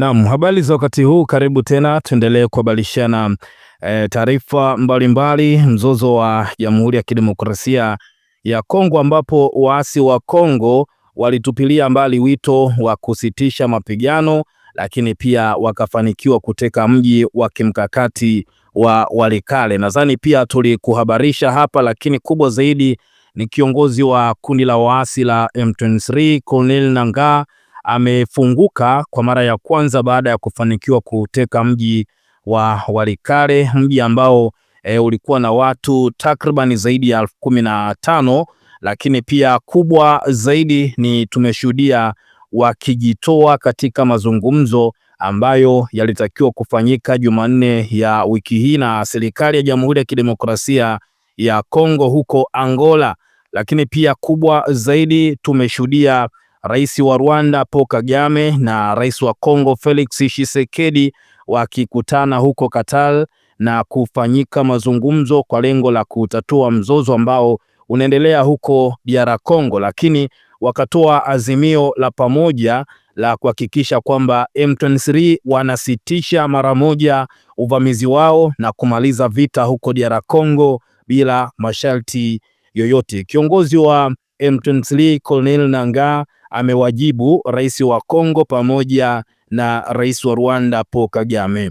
Naam, habari za wakati huu, karibu tena, tuendelee kuhabarishana e, taarifa mbalimbali. Mzozo wa Jamhuri ya Kidemokrasia ya Kongo ambapo waasi wa Kongo walitupilia mbali wito wa kusitisha mapigano, lakini pia wakafanikiwa kuteka mji wa kimkakati wa Walikale. Nadhani pia tulikuhabarisha hapa, lakini kubwa zaidi ni kiongozi wa kundi la waasi la M23 Colonel Nangaa amefunguka kwa mara ya kwanza baada ya kufanikiwa kuteka mji wa Walikale, mji ambao e, ulikuwa na watu takribani zaidi ya elfu kumi na tano lakini pia kubwa zaidi ni tumeshuhudia wakijitoa katika mazungumzo ambayo yalitakiwa kufanyika Jumanne ya wiki hii na serikali ya Jamhuri ya Kidemokrasia ya Kongo huko Angola, lakini pia kubwa zaidi tumeshuhudia Rais wa Rwanda Paul Kagame na Rais wa Kongo Felix Tshisekedi wakikutana huko Qatar na kufanyika mazungumzo kwa lengo la kutatua mzozo ambao unaendelea huko DR Congo, lakini wakatoa azimio la pamoja la kuhakikisha kwamba M23 wanasitisha mara moja uvamizi wao na kumaliza vita huko DR Congo bila masharti yoyote. Kiongozi wa M23 Colonel Nanga amewajibu rais wa Kongo pamoja na rais wa Rwanda Paul Kagame.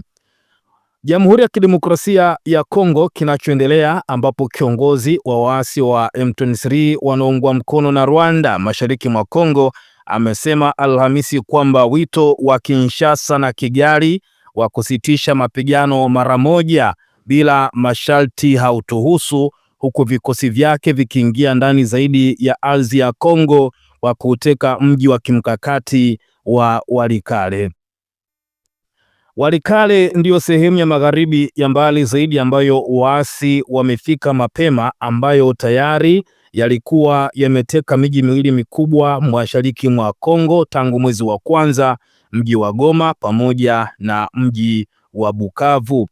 Jamhuri ya Kidemokrasia ya Kongo kinachoendelea ambapo kiongozi wa waasi wa M23 wanaoungwa mkono na Rwanda mashariki mwa Kongo amesema Alhamisi kwamba wito wa Kinshasa na Kigali wa kusitisha mapigano mara moja bila masharti hautuhusu huku vikosi vyake vikiingia ndani zaidi ya ardhi ya Kongo wa kuteka mji wa kimkakati wa Walikale. Walikale ndiyo sehemu ya magharibi ya mbali zaidi ambayo waasi wamefika mapema, ambayo tayari yalikuwa yameteka miji miwili mikubwa mashariki mwa Kongo tangu mwezi wa kwanza, mji wa Goma pamoja na mji wa Bukavu.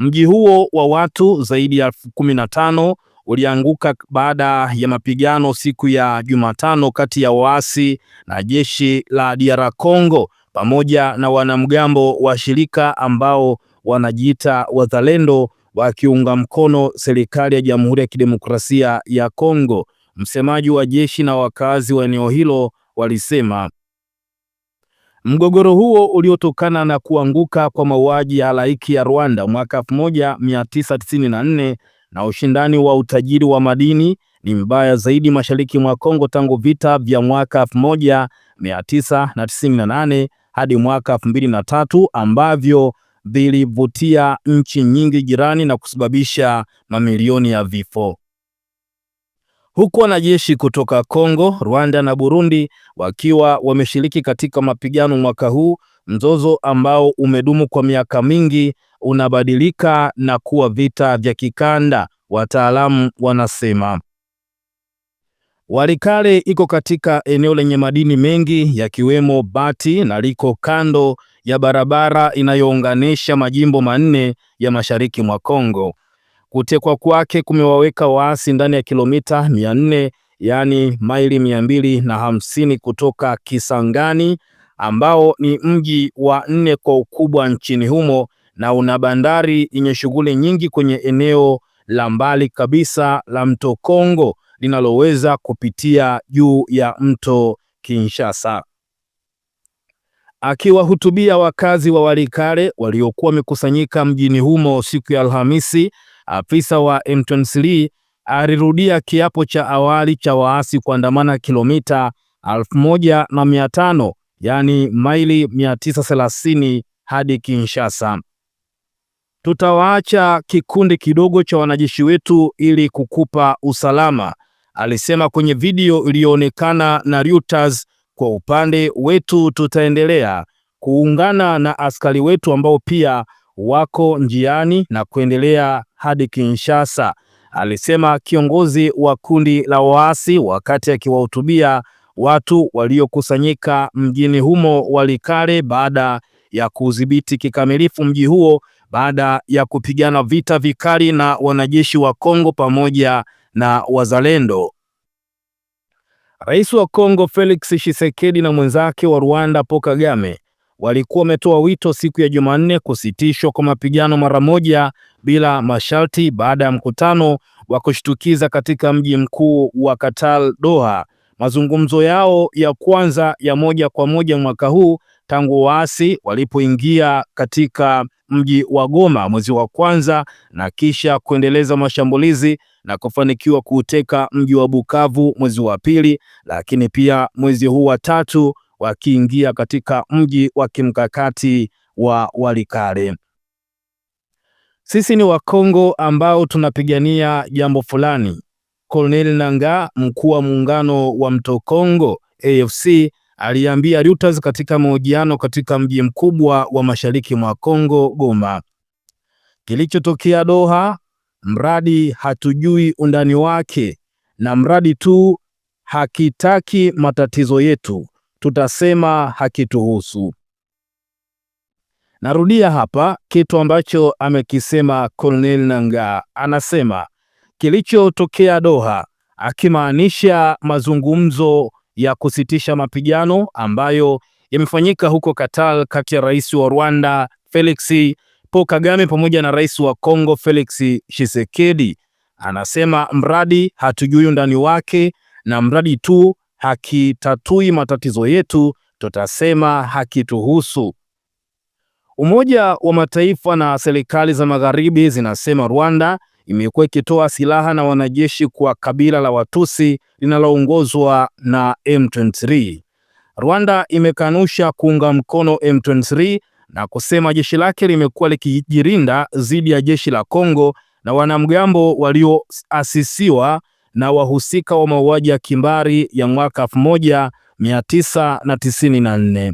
Mji huo wa watu zaidi ya elfu kumi na tano ulianguka baada ya mapigano siku ya Jumatano kati ya waasi na jeshi la DR Congo pamoja na wanamgambo wa shirika ambao wanajiita Wazalendo wakiunga mkono serikali ya Jamhuri ya Kidemokrasia ya Kongo. Msemaji wa jeshi na wakazi wa eneo hilo walisema Mgogoro huo uliotokana na kuanguka kwa mauaji ya halaiki ya Rwanda mwaka 1994 na ushindani wa utajiri wa madini ni mbaya zaidi mashariki mwa Kongo tangu vita vya mwaka 1998 hadi mwaka 2003 ambavyo vilivutia nchi nyingi jirani na kusababisha mamilioni ya vifo huku wanajeshi kutoka Kongo, Rwanda na Burundi wakiwa wameshiriki katika mapigano mwaka huu, mzozo ambao umedumu kwa miaka mingi unabadilika na kuwa vita vya kikanda, wataalamu wanasema. Walikale iko katika eneo lenye madini mengi yakiwemo bati na liko kando ya barabara inayounganisha majimbo manne ya mashariki mwa Kongo. Kutekwa kwake kumewaweka waasi ndani ya kilomita 400 yaani maili 250 kutoka Kisangani ambao ni mji wa nne kwa ukubwa nchini humo na una bandari yenye shughuli nyingi kwenye eneo la mbali kabisa la mto Kongo linaloweza kupitia juu ya mto Kinshasa. Akiwahutubia wakazi wa Walikale waliokuwa wamekusanyika mjini humo siku ya Alhamisi, Afisa wa M23 alirudia kiapo cha awali cha waasi kuandamana kilomita 1500 yani maili 930 hadi Kinshasa. Tutawaacha kikundi kidogo cha wanajeshi wetu ili kukupa usalama, alisema kwenye video iliyoonekana na Reuters. Kwa upande wetu tutaendelea kuungana na askari wetu ambao pia wako njiani na kuendelea hadi Kinshasa, alisema kiongozi wa kundi la waasi wakati akiwahutubia watu waliokusanyika mjini humo Walikale baada ya kudhibiti kikamilifu mji huo baada ya kupigana vita vikali na wanajeshi wa Kongo pamoja na wazalendo. Rais wa Kongo Felix Tshisekedi na mwenzake wa Rwanda Paul Kagame walikuwa wametoa wito siku ya Jumanne kusitishwa kwa mapigano mara moja bila masharti baada ya mkutano wa kushtukiza katika mji mkuu wa Qatar, Doha. Mazungumzo yao ya kwanza ya moja kwa moja mwaka huu tangu waasi walipoingia katika mji wa Goma mwezi wa kwanza na kisha kuendeleza mashambulizi na kufanikiwa kuuteka mji wa Bukavu mwezi wa pili, lakini pia mwezi huu wa tatu wakiingia katika mji wa kimkakati wa Walikale. Sisi ni Wakongo ambao tunapigania jambo fulani. Colonel nanga mkuu wa muungano wa Mto Kongo AFC, aliambia Reuters katika mahojiano katika mji mkubwa wa mashariki mwa Kongo, Goma. Kilichotokea Doha, mradi hatujui undani wake, na mradi tu hakitaki matatizo yetu, tutasema hakituhusu. Narudia hapa kitu ambacho amekisema Colonel Nangaa, anasema kilichotokea Doha, akimaanisha mazungumzo ya kusitisha mapigano ambayo yamefanyika huko Qatar kati ya rais wa Rwanda Felix Paul Kagame pamoja na rais wa Kongo Felix Tshisekedi. Anasema mradi hatujui undani wake na mradi tu hakitatui matatizo yetu, tutasema hakituhusu. Umoja wa Mataifa na serikali za magharibi zinasema Rwanda imekuwa ikitoa silaha na wanajeshi kwa kabila la Watusi linaloongozwa na M23. Rwanda imekanusha kuunga mkono M23 na kusema jeshi lake limekuwa likijirinda dhidi ya jeshi la Kongo na wanamgambo walioasisiwa na wahusika wa mauaji ya kimbari ya mwaka 1994.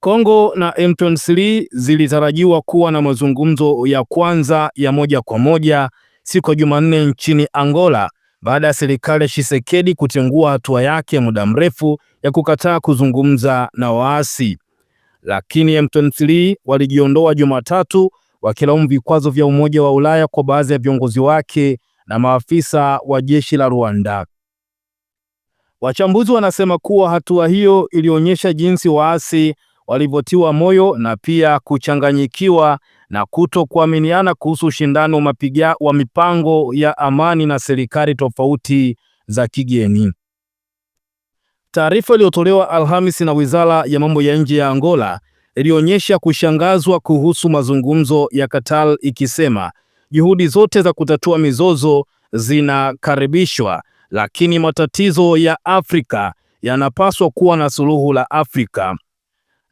Kongo na M23 zilitarajiwa kuwa na mazungumzo ya kwanza ya moja kwa moja siku ya Jumanne nchini Angola baada ya serikali ya Tshisekedi kutengua hatua yake ya muda mrefu ya kukataa kuzungumza na waasi, lakini M23 walijiondoa Jumatatu wakilaumu vikwazo vya Umoja wa Ulaya kwa baadhi ya viongozi wake na maafisa wa jeshi la Rwanda. Wachambuzi wanasema kuwa hatua hiyo ilionyesha jinsi waasi walivyotiwa moyo na pia kuchanganyikiwa na kutokuaminiana kuhusu ushindano wa mipango ya amani na serikali tofauti za kigeni. Taarifa iliyotolewa Alhamisi na Wizara ya Mambo ya Nje ya Angola ilionyesha kushangazwa kuhusu mazungumzo ya katal ikisema juhudi zote za kutatua mizozo zinakaribishwa, lakini matatizo ya Afrika yanapaswa kuwa na suluhu la Afrika.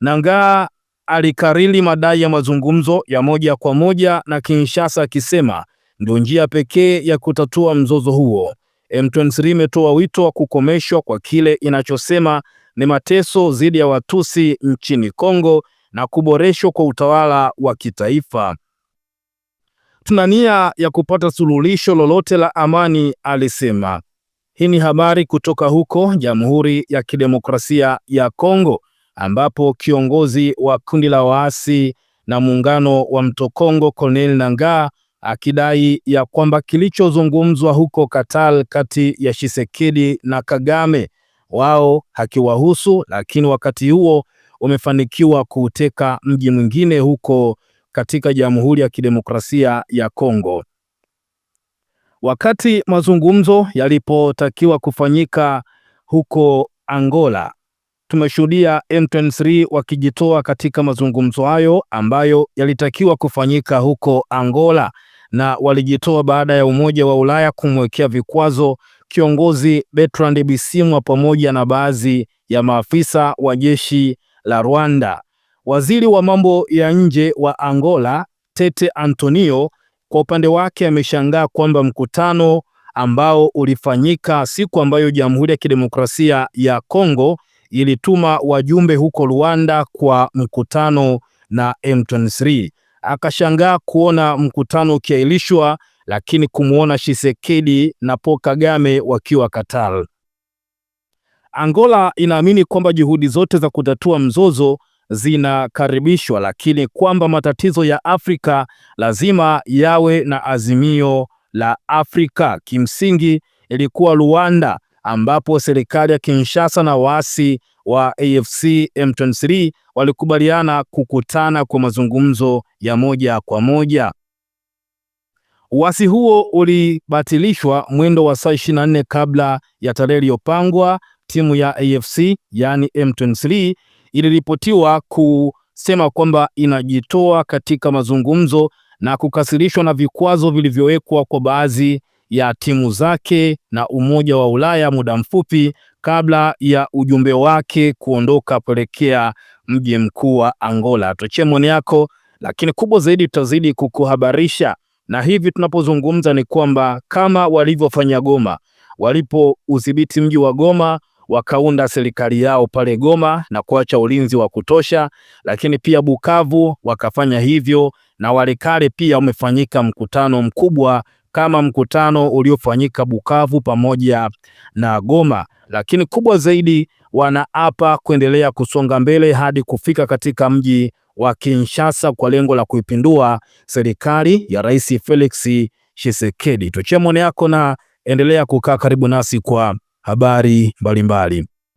Nangaa alikariri madai ya mazungumzo ya moja kwa moja na Kinshasa akisema ndio njia pekee ya kutatua mzozo huo. M23 imetoa wito wa kukomeshwa kwa kile inachosema ni mateso dhidi ya Watusi nchini Kongo na kuboreshwa kwa utawala wa kitaifa tuna nia ya kupata suluhisho lolote la amani, alisema. Hii ni habari kutoka huko Jamhuri ya Kidemokrasia ya Kongo ambapo kiongozi wa kundi la waasi na muungano wa Mto Kongo Corneille Nangaa akidai ya kwamba kilichozungumzwa huko Katal kati ya Tshisekedi na Kagame wao hakiwahusu, lakini wakati huo umefanikiwa kuuteka mji mwingine huko katika Jamhuri ya Kidemokrasia ya Kongo. Wakati mazungumzo yalipotakiwa kufanyika huko Angola, tumeshuhudia M23 wakijitoa katika mazungumzo hayo ambayo yalitakiwa kufanyika huko Angola na walijitoa baada ya Umoja wa Ulaya kumwekea vikwazo kiongozi Bertrand Bisimwa pamoja na baadhi ya maafisa wa jeshi la Rwanda. Waziri wa mambo ya nje wa Angola, Tete Antonio, kwa upande wake ameshangaa kwamba mkutano ambao ulifanyika siku ambayo Jamhuri ya Kidemokrasia ya Kongo ilituma wajumbe huko Rwanda kwa mkutano na M23. Akashangaa kuona mkutano ukiahirishwa, lakini kumwona Tshisekedi na Paul Kagame wakiwa Qatar. Angola inaamini kwamba juhudi zote za kutatua mzozo zinakaribishwa, lakini kwamba matatizo ya Afrika lazima yawe na azimio la Afrika. Kimsingi ilikuwa Luanda ambapo serikali ya Kinshasa na waasi wa AFC M23 walikubaliana kukutana kwa mazungumzo ya moja kwa moja. Uasi huo ulibatilishwa mwendo wa saa 24 kabla ya tarehe iliyopangwa. Timu ya AFC yaani M23 iliripotiwa kusema kwamba inajitoa katika mazungumzo na kukasirishwa na vikwazo vilivyowekwa kwa baadhi ya timu zake na Umoja wa Ulaya muda mfupi kabla ya ujumbe wake kuondoka kuelekea mji mkuu wa Angola. Tuachie maoni yako, lakini kubwa zaidi tutazidi kukuhabarisha, na hivi tunapozungumza ni kwamba kama walivyofanya Goma, walipoudhibiti mji wa Goma wakaunda serikali yao pale Goma na kuacha ulinzi wa kutosha, lakini pia Bukavu wakafanya hivyo, na Walikale pia umefanyika mkutano mkubwa kama mkutano uliofanyika Bukavu pamoja na Goma, lakini kubwa zaidi wanaapa kuendelea kusonga mbele hadi kufika katika mji wa Kinshasa kwa lengo la kuipindua serikali ya Rais Felix Tshisekedi. Tuchemone yako na endelea kukaa karibu nasi kwa habari mbalimbali.